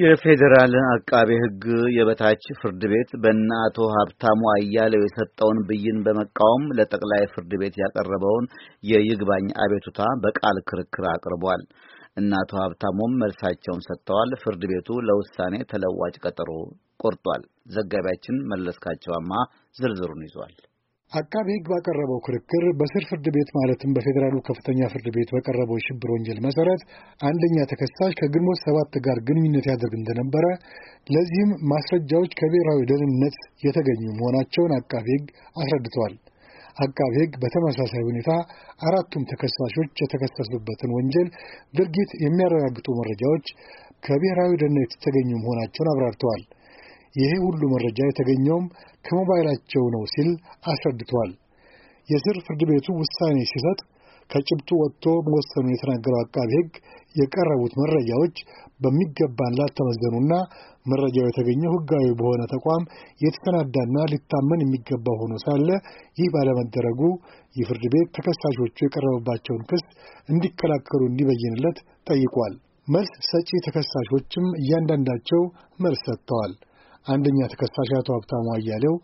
የፌዴራል አቃቤ ሕግ የበታች ፍርድ ቤት በእነ አቶ ሀብታሙ አያሌው የሰጠውን ብይን በመቃወም ለጠቅላይ ፍርድ ቤት ያቀረበውን የይግባኝ አቤቱታ በቃል ክርክር አቅርቧል። እነ አቶ ሀብታሙም መልሳቸውን ሰጥተዋል። ፍርድ ቤቱ ለውሳኔ ተለዋጭ ቀጠሮ ቆርጧል። ዘጋቢያችን መለስካቸዋማ ዝርዝሩን ይዟል። አቃቤ ሕግ ባቀረበው ክርክር በስር ፍርድ ቤት ማለትም በፌዴራሉ ከፍተኛ ፍርድ ቤት በቀረበው የሽብር ወንጀል መሰረት አንደኛ ተከሳሽ ከግንቦት ሰባት ጋር ግንኙነት ያደርግ እንደነበረ ለዚህም ማስረጃዎች ከብሔራዊ ደህንነት የተገኙ መሆናቸውን አቃቤ ሕግ አስረድተዋል። አቃቤ ሕግ በተመሳሳይ ሁኔታ አራቱም ተከሳሾች የተከሰሱበትን ወንጀል ድርጊት የሚያረጋግጡ መረጃዎች ከብሔራዊ ደህንነት የተገኙ መሆናቸውን አብራርተዋል። ይሄ ሁሉ መረጃ የተገኘውም ከሞባይላቸው ነው ሲል አስረድቷል። የስር ፍርድ ቤቱ ውሳኔ ሲሰጥ ከጭብጡ ወጥቶ መወሰኑን የተናገረው አቃቢ ሕግ የቀረቡት መረጃዎች በሚገባ ላልተመዘኑና መረጃው የተገኘው ሕጋዊ በሆነ ተቋም የተሰናዳና ሊታመን የሚገባ ሆኖ ሳለ ይህ ባለመደረጉ የፍርድ ቤት ተከሳሾቹ የቀረበባቸውን ክስ እንዲከላከሉ እንዲበይንለት ጠይቋል። መልስ ሰጪ ተከሳሾችም እያንዳንዳቸው መልስ ሰጥተዋል። አንደኛ ተከሳሽ አቶ ሀብታሙ አያሌው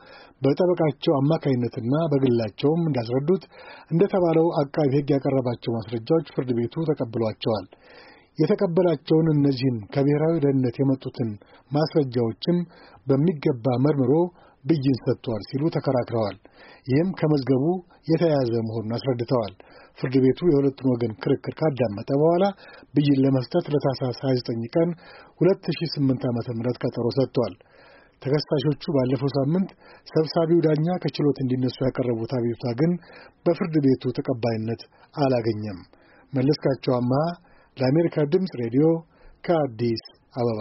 በጠበቃቸው አማካይነትና በግላቸውም እንዳስረዱት እንደተባለው አቃቢ ሕግ ያቀረባቸው ማስረጃዎች ፍርድ ቤቱ ተቀብሏቸዋል። የተቀበላቸውን እነዚህን ከብሔራዊ ደህንነት የመጡትን ማስረጃዎችም በሚገባ መርምሮ ብይን ሰጥቷል ሲሉ ተከራክረዋል። ይህም ከመዝገቡ የተያያዘ መሆኑን አስረድተዋል። ፍርድ ቤቱ የሁለቱን ወገን ክርክር ካዳመጠ በኋላ ብይን ለመስጠት ለታህሳስ 29 ቀን 2008 ዓ.ም ቀጠሮ ሰጥቷል። ተከሳሾቹ ባለፈው ሳምንት ሰብሳቢው ዳኛ ከችሎት እንዲነሱ ያቀረቡት አቤቱታ ግን በፍርድ ቤቱ ተቀባይነት አላገኘም። መለስካቸው አማሃ ለአሜሪካ ድምፅ ሬዲዮ ከአዲስ አበባ